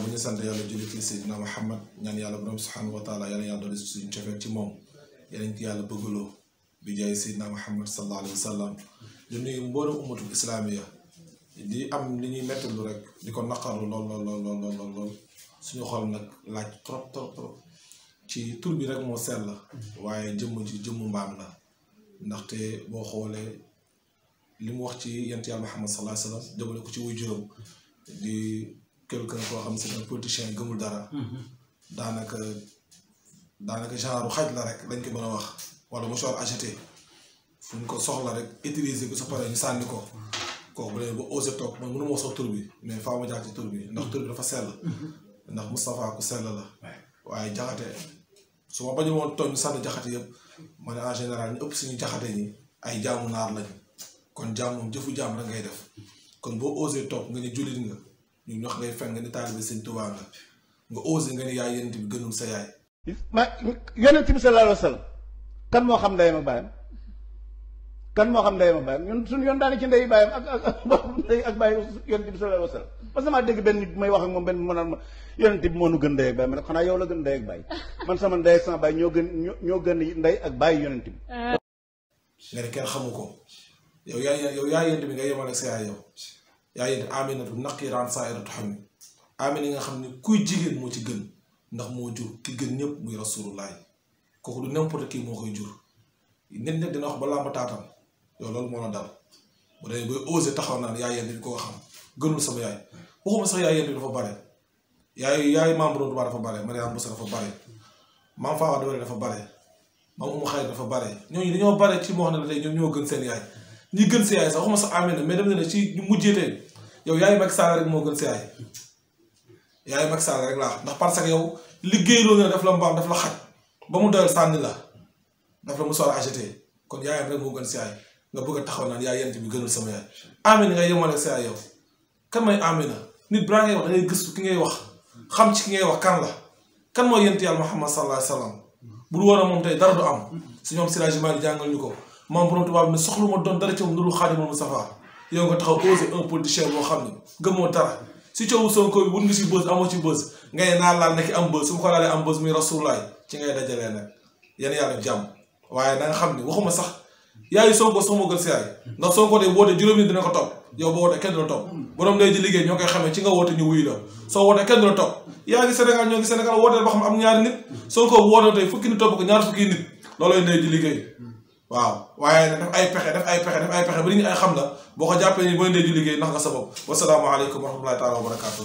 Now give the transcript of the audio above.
ginnaaw bu ñu sant yàlla julli ci Seydina Muhammad ñaan yàlla borom subhaanahu wa taala yàlla yàlla doon suñu ci moom yeneen ci yàlla bëggaloo bi jaay Seydina Muhammad sallallahu alayhi wa sallam di am li ñuy mettalu rek di ko naqaru lool lool lool lool lool lool suñu xol laaj trop trop ci tur bi rek moo sell la waaye jëmm ci jëmmu mbaam la ndaxte boo xoolee li mu wax ci yent yàlla Muhammad sallallahu alayhi wa sallam jëmale ko ci wuy juróom quelqu'un koo xam si ne politicien gëmul dara. Mm-hmm. daanaka daanaka genre xaj la rek lañ ko mën a wax wala mouchoir agité fu ñu ko soxla rek utiliser ko sa pare sànni ko. Mm-hmm. kooku bu dee ba osé toog man mënu ma wax sax bi mais faa ma ndax mm-hmm. tur bi dafa sell. ku sell la. waaye jaxate su ma bañu woon tooñ sànni jaxate yëpp ma ne en général ñu ëpp suñu jaxate ñi ay jaamu naar lañu kon jaam moom jëfu jaam rek ngay def kon boo osé toog nga ne jullit nga. ñu wax ngay fen nga ni taalibe sëñ Tuubaa nga nga osé nga ni yaay yonent bi gënul sa yaay. ma yonent bi sallallahu alayhi wa sallam kan moo xam ndeyam ak baayam kan moo xam ndeyam ak baayam ñun suñu yoon daane ci ndey baayam ak ak ak baay yonent bi que benn nit may wax moom benn mu naan ma yonent bi moo gën ndey ak baay yow la gën ndey ak baay man sama ndey ak sama baay ñoo gën ñoo gën ndey ak baay yonent bi. nga ne kenn xamu ko yow yaay yow yaay yonent bi nga yemal ak sa yaay yow. yaa yéen aminatu naqiraan saairatu xam ni amina yi nga xam ne kuy jigéen moo ci gën ndax moo jur ki gën ñëpp muy rasulullah kooku du n'importe qui moo koy jur nit nag dina wax ba làmb taatam loolu moo la dal bu dee booy osé taxaw naan yaay yéen ko xam gënul sama yaay waxuma sax yaay yéen dafa bare yaay yaay maam Borom Tuubaa dafa bare Mariam Boussa dafa bare maam Fawa Dore dafa bare maam Umu Xayri dafa bare ñooñu dañoo bare ci moo xam ne tey ñoom ñoo gën seen yaay. ñi gën si yaay sax waxuma sax amee na mais dem na ne ci ñu mujjee yow yaayu Macky Sall rek moo gën si yaay ma Macky Sall rek laa ndax parce que yow liggéey loo ne daf la mbaam daf la xaj ba mu doyal sànni la daf la mu soxla acheté kon yaayam rek moo gën si nga bëgg a taxaw naan yaay yent bi gënal sama yaay amina ngay yemoon ak si yaay yow kan mooy amina nit balaa ngay wax da ngay ki ngay wax xam ci ki ngay wax kan la kan mooy yent yàlla Muhammad sallallahu alayhi wa sallam bul woon a moom tey dara du am si ñoom siraaji maali jàngal ñu ko moom borom tubaab ne soxlu ma doon dara ci moom lu xaadimal Mustafa yow nga taxaw osé un politicien boo xam ne gëmoo dara si coowu Sonko bi wut nga si bës amoo ci bës ngay naan laal nekk am bës su ma ko laalee am bës muy rasulaay ci ngay dajalee nag yéen yàlla jàmm waaye na xam ne waxuma sax yaayu Sonko sax moo gën si yaay ndax Sonko de woote juróomi dina ko topp yow boo wootee kenn du la topp borom day di liggéey ñoo koy xamee ci nga woote ñu wuyu la soo wootee kenn du la topp yaa ngi Sénégal ñoo ngi Sénégal wooteel am ñaari nit Sonko woote tey fukki nit topp ko ñaar fukki di liggéey waaw waaye nag daf ay pexe daf ay pexe daf ay pexe ba nit ay xam la boo ko jàppee ni booy ndee ju liggéey ndax nga sa bopp wasalaamaaleykum wa rahmatullahi taala wa barakaatu